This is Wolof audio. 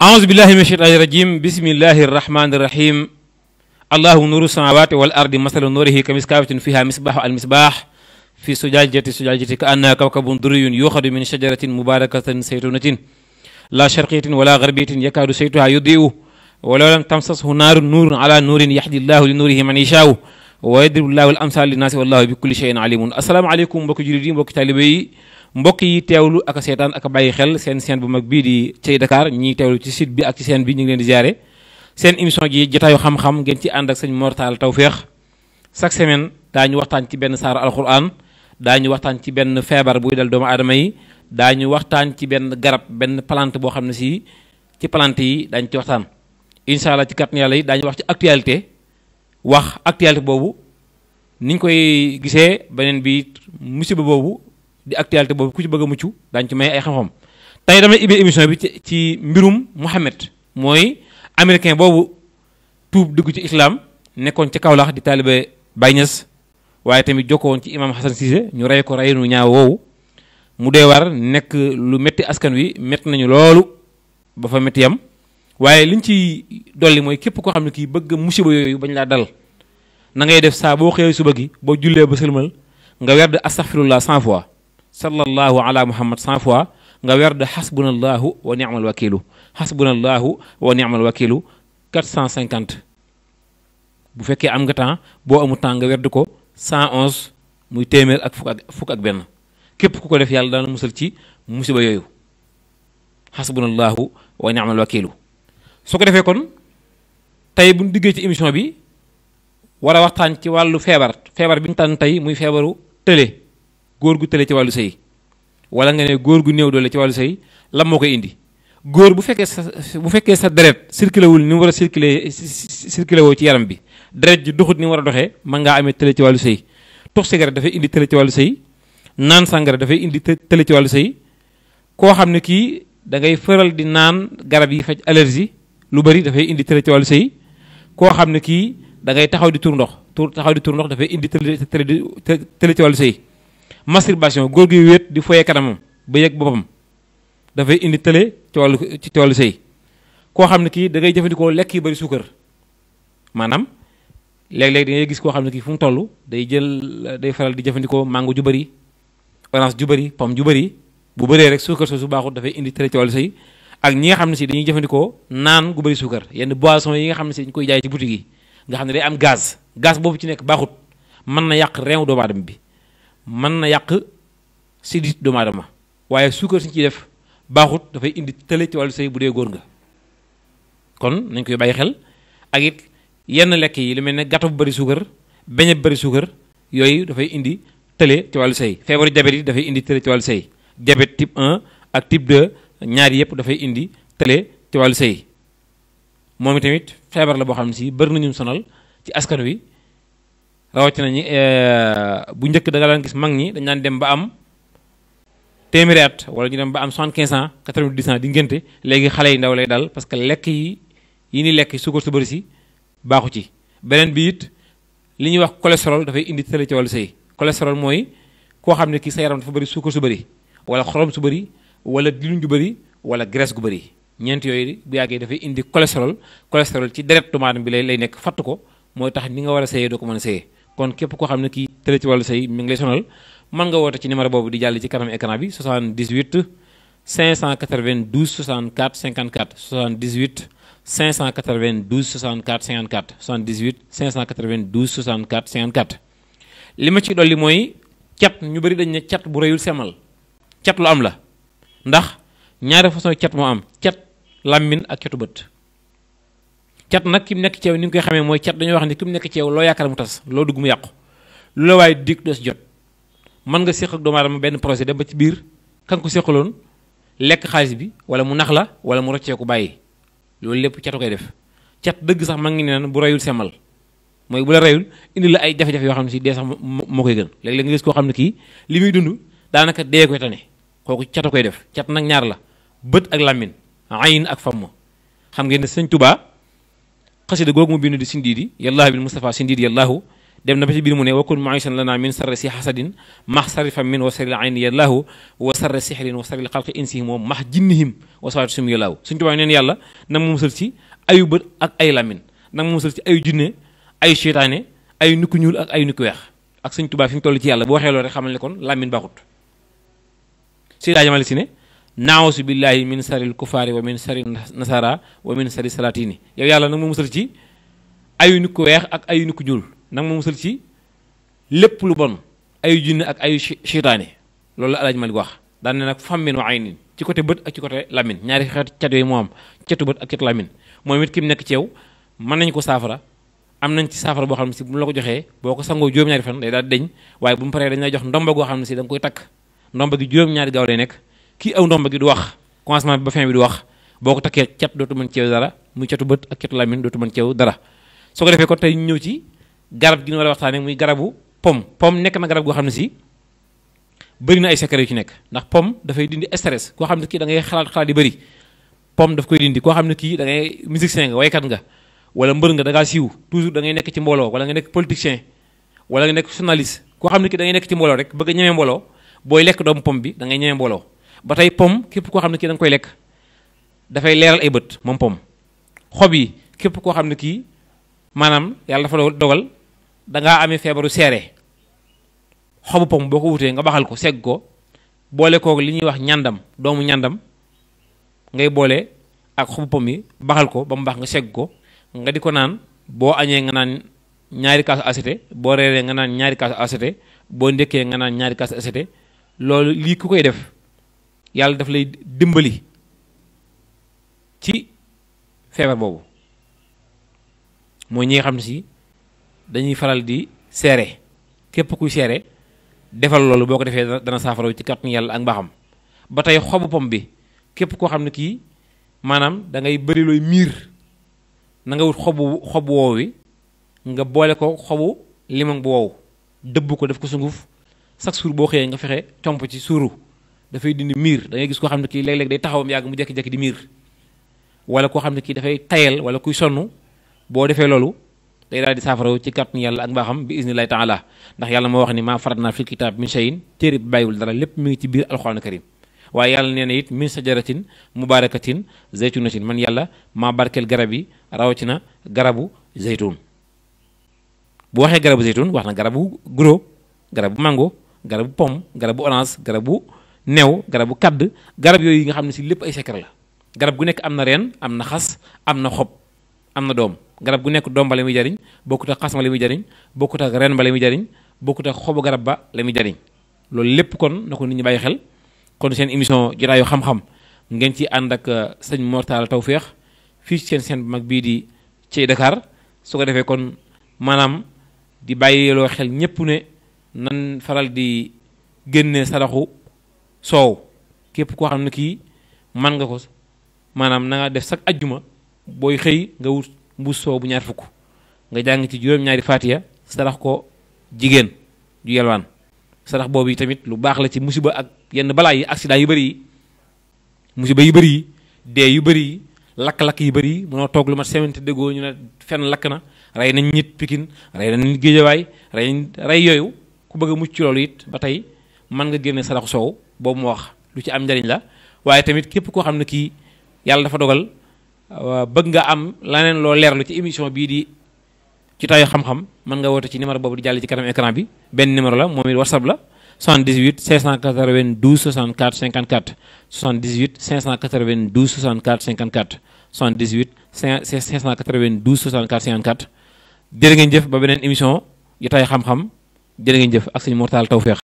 أعوذ بالله من الشيطان الرجيم بسم الله الرحمن الرحيم الله نور السماوات والأرض مثل نوره كمسكابة فيها مصباح المصباح في سجاجة سجاجة كأنها كوكب دري يؤخذ من شجرة مباركة سيتونة لا شرقية ولا غربية يكاد سيتها يضيء ولو لم تمسسه نار نور على نور يحدي الله لنوره من يشاء ويدرب الله الأمثال للناس والله بكل شيء عليم السلام عليكم بك جريدين بك mbokki mbokk yi tewlu ak setan ak baye xel sen sen bu mag bi di cey Dakar ñi tewlu ci site bi ak ci sen bi ñi ngi leen di jare sen émission ji yu xam-xam ngeen ci and ak señ Mortal tawfiq chaque semaine dañu waxtaan ci ben sar alquran dañu waxtaan ci ben febar bu dal doom adama yi dañu waxtaan ci ben garab ben plante bo xam ci ci plante yi dañ ci waxtaan inshallah allah ci kat yàlla yi dañu wax ci actualité wax actualité bobu niñ koy gisé benen bi musibe bobu di actualité boobu ku ci bëgg a mucc daañu ci may ay xam-xam tey damay ibbi émission bi ci mbirum Mouhamed mooy americain boobu tuub dugg ci islam nekkoon ci Kaolack di taalibe Baye Niass waaye tamit jokkoon ci imam Hassan Cissé ñu rey ko reynu ñaaw woowu mu dee war nekk lu metti askan wi metti nañu loolu ba fa metti yam waaye liñ ci dolli mooy képp koo xam ne kii bëgg musiba yooyu bañ laa dal na ngay def saa boo xëyee suba gi boo jullee ba sëlmal nga werd astaghfirullah cent fois sallallahu ala muhammad cent fois nga werd xasbunallahu wa niamal wakilu xasbunallahu wa niamal wakilu 450 bu fekkee am nga temps boo amul temps nga werd ko 111 muy téeméer ak fukk ak fukk ak benn képp ku ko def yàlla dana musal ci musiba yooyu hasbunallahu wa ni'mal wakilu su ko defee kon tey bu ñu diggee ci émission bi war a waxtaan ci wàllu feebar feebar bi ñu tànn tey muy feebaru tële góor gu tële ci wàllu sëy wala nga ne góor gu néew doole ci wàllu sëy lan moo koy indi góor bu fekkee sa bu fekkee sa deret circulé wul ni war a circulé circulé ci yaram bi deret ji doxut ni mu war a doxee man ngaa amee tële ci wàllu sëy tox cigarette dafay indi tële ci wàllu sëy naan sàngara dafay indi tele ci wàllu sëy koo xam ne kii dangay faral di naan garab yi faj allergie lu bari dafay indi tële ci wàllu sëy koo xam ne kii da ngay taxaw di tur ndox tur taxaw di tur ndox dafay indi tële tële ci wàllu sëy masturbation góor gi wéet di foyee kanamam ba yëg boppam dafay indi tële ci wàllu ci wàllu sëy koo xam ne kii da ngay jëfandikoo lekk yi bari suukar maanaam léeg-léeg da ngay gis koo xam ne kii fu mu toll day jël day faral di jëfandikoo mango ju bari orange ju bari pomme ju bari bu bëree rek suukar soosu baaxul dafay indi tële ci wàllu sëy ak ñi nga xam ne si dañuy jëfandikoo naan gu bari suukar yenn boisson yi nga xam ne si dañu koy jaay ci boutique yi nga xam ne day am gaz gaz boobu ci nekk baaxut mën na yàq reewu doomu aadama bi mën na yàq sidit doomu aadama waaye suukar siñ ci def baaxut dafay indi tële ci wàllu sëy bu dee góor nga kon nañ koy bàyyi xel ak it yenn lekk yi lu mel ne gâteau bu bari suukar beñe bu bari suukar yooyu dafay indi tële ci wàllu sëy feebaru diabète yi dafay indi tële ci wàllu sëy diabète type 1 ak type 2 ñaar yëpp dafay indi tële ci wàllu sëy moom itamit feebar la boo xam ne si bëri nañu sonal ci askan wi rawatina ñi eh, bu njëkk da nga gis mag ñi dañ daan dem ba am téeméeri at wala ñu dem ba am soixante quinze ans quatre vingt dix di ngénte léegi xale yi ndaw lay dal parce que lekk yi yi ni lekk suukar su bëri si baaxu ci. beneen bi it li ñuy wax cholestérol dafay indi tële ci wàllu sëy cholestérol mooy koo xam ne kii sa yaram dafa bëri suukar su bëri wala xorom su bëri wala diluñ ju bëri wala graisse gu bëri. ñeent yooyu bu yàggee dafay indi cholestérol cholestérol ci deret doomu bi lay lay nekk fatt ko mooy tax ni nga war a seeyee doo ko mën a seeyee kon képp koo xam ne kii tële ci wàllu say mi ngi lay sonal mën nga woote ci numéro boobu di jàll ci kanam écran bi 78 592 64 54 78 592 64 54 78 592 64 54. li ma ci dolli mooy cat ñu bëri dañ ne cat bu rëyul semal cat lu am la ndax ñaari façon cat mu am cat làmmiñ ak catu bët. cat nag ki mu nekk ci yow ni nga koy xamee mooy cat dañoo wax ne ki nekk ci loo yaakaar mu tas loo dugg mu yàqu lu la waaye dig doo jot man nga séq ak ma benn projet dem ba ci biir kan ko séqaloon lekk xaalis bi wala mu nax la wala mu roccee ku bàyyi loolu lépp catu koy def cat dëgg sax maa ngi ne naan bu semal mooy bu reyul indi la ay jafe yoo xam ne si dee sax moo koy gën léeg-léeg nga koo xam ne kii li muy dund daanaka dee koy tane kooku catu koy def cat nag ñaar la bët ak làmmin ayin ak famm xam ngeen ne sëñ Tuubaa xasida googu mu bind di sindiidi yallaahu bil Mustafa sindiidi yallaahu dem na ba ci biir mu ne wakun moisan lana min sarri si xasadin max sarifam min wa saril ayn yallaahu wa sarri sixrin wa saril xalqi insihim wa max jinnihim wa sawaati sum yallaahu suñ tubaab neen yàlla nag mu musal ci ayu bët ak ay lamin nag mu musal ci ayu jinne ay seytaane ay nukku ñuul ak ay nukku weex ak suñ tubaab fi mu toll ci yàlla bu waxee loolu rek xamal ne kon lamin baaxut si daa jamale si ne naus billahi min saril kufari wa min saril nasara wa min saril salatini yow yalla nak mo musal ci ayu nit ku wex ak ayu nit ku ñul nak mo musal ci lepp lu bon ayu jinn ak ayu shaytané loolu la alaaj malik wax dal ne nak famin wa aynin ci côté beut ak ci côté lamin ñaari xeet cat yooyu moo am catu ak catu lamin moom kim nek mu ci yow man nañ ko safara am nañ ci safara bo xam ci bu mu la ko joxee boko sango sangoo ñaari fan day da deñ waye bu mu paré dañ lay jox ndomba go xam ci dang koy tak ndomba gi juróom-ñaari gaaw lay kii aw ndomba gi du wax commencement bi ba fin bi du wax boo ko takkee cat dootu mën ceew dara muy catu bët ak catu lamine dootu mën ceew dara soo ko defee kon tey ñëw ci garab gi ñu war muy garabu pom pomme nekk na garab goo xam ne si bëri na ay secret yu ci nekk ndax pomme dafay dindi stress koo xam ne kii da ngay xalaat xalaat yu bëri pomme daf koy dindi koo xam ne kii da ngay musicien nga waykat nga wala mbër nga da ngaa siiw toujours da nekk ci mbooloo wala nga nekk politicien wala nga nekk journaliste koo xam ne kii da nekk ci mbooloo rek bëgg a ñemee mbooloo booy lekk doomu pomme bi da ngay ñemee mbooloo ba tey pom képp koo xam ne kii danga koy lekk dafay leeral ay bët moom pom xob yi képp koo xam ne kii maanaam yàlla dafa dogal da ngaa amee feebaru seere xobu pom boo ko wutee nga baxal ko segg ko boole kook li ñuy wax ñandam doomu ñandam ngay boole ak xobu pom yi baxal ko ba mu baax nga segg ko nga di ko naan boo añee nga naan ñaari kaasu acété boo reeree nga naan ñaari kaasu acété boo ndékkee nga naan ñaari kaasu acété loolu lii ku koy def yàlla daf lay dimbali ci feebar boobu mooy ñi xam ne si dañuy faral di seere képp kuy seere defal loolu boo ko defee dana saafaraw ci kàttan yàlla ak mbaaxam ba tey xobu pom bi képp koo xam ne kii maanaam da ngay bëri looy miir na wut xobu xob woow wi nga boole ko xobu limon bu wow dëbb ko def ko sunguf chaque suur boo xëyee nga fexe comp ci suuru dafay dindi miir da ngay gis koo xam ne kii léeg-léeg day taxawam yàgg mu jekki-jekki di miir wala koo xam ne kii dafay tayal wala kuy sonn boo defee loolu day daal di saafaraw ci kàttanu yàlla ak mbaaxam bi isnillahi taala ndax yàlla moo wax ni maa farat naa fil kitaab min shay'in téere bi bàyyiwul dara lépp mi ngi ci biir alxuraan karim waaye yàlla nee na it min sajaratin mubarakatin zaytunatin man yàlla maa barkeel garab yi rawatina garabu zaytun bu waxee garabu zaytun wax na garabu guro garabu mango garabu pomme garabu orange garabu new bu kàdd garab yooyu nga xam ne si lépp ay secret la garab gu nekk am na reen am na xas am na xob am na doom garab gu nekk doom ba la muy jariñ bokkut ak xas ma la muy jariñ bokkut ak reen ba la muy jariñ bokkut ak xobu garab ba la muy jariñ loolu lépp kon na ko nit ñi bàyyi xel kon seen émission jotaayu xam-xam ngeen ci ànd ak euh, sëñ Mor Talla Tawféex fii ci seen seen mag bii di ci Dakar su ko defee kon maanaam di bàyyi loo xel ñëpp ne nan faral di génne saraxu so, képp koo xam ne kii man nga ko maanaam na nga def sag ajjuma booy xëy nga wut mbuus soow bu ñaar fukk nga jàng ci juróom-ñaari faatiya sarax ko jigéen ju yelwaan sarax boobu tamit lu baax la ci musiba ak yenn balaa yi accident yu bëri yi musiba yu bëri yi dee yu bëri yi lakk yu bëri yi mënoo lu mat ñu ne fenn lakk na rey nañ nit pikin rey nañ nit géejawaay rey rey yooyu ku bëgg a mucc ci loolu it ba tey nga génne sarax soow boobu moo wax lu ci am njariñ la waaye tamit képp koo xam ne kii yàlla dafa dogal bëgg nga am laneen loo leerlu ci émission bii di ci xam-xam mën nga woote ci numéro boobu di jàll ci kanam écran bi benn numéro la moom it whatsapp la 78 592 64 54 78 592 64 54 78 592 64 54 jërë ngeen jëf ba beneen émission yu taayu xam-xam jërë ngeen jëf ak sëñ Mortal Tawfeex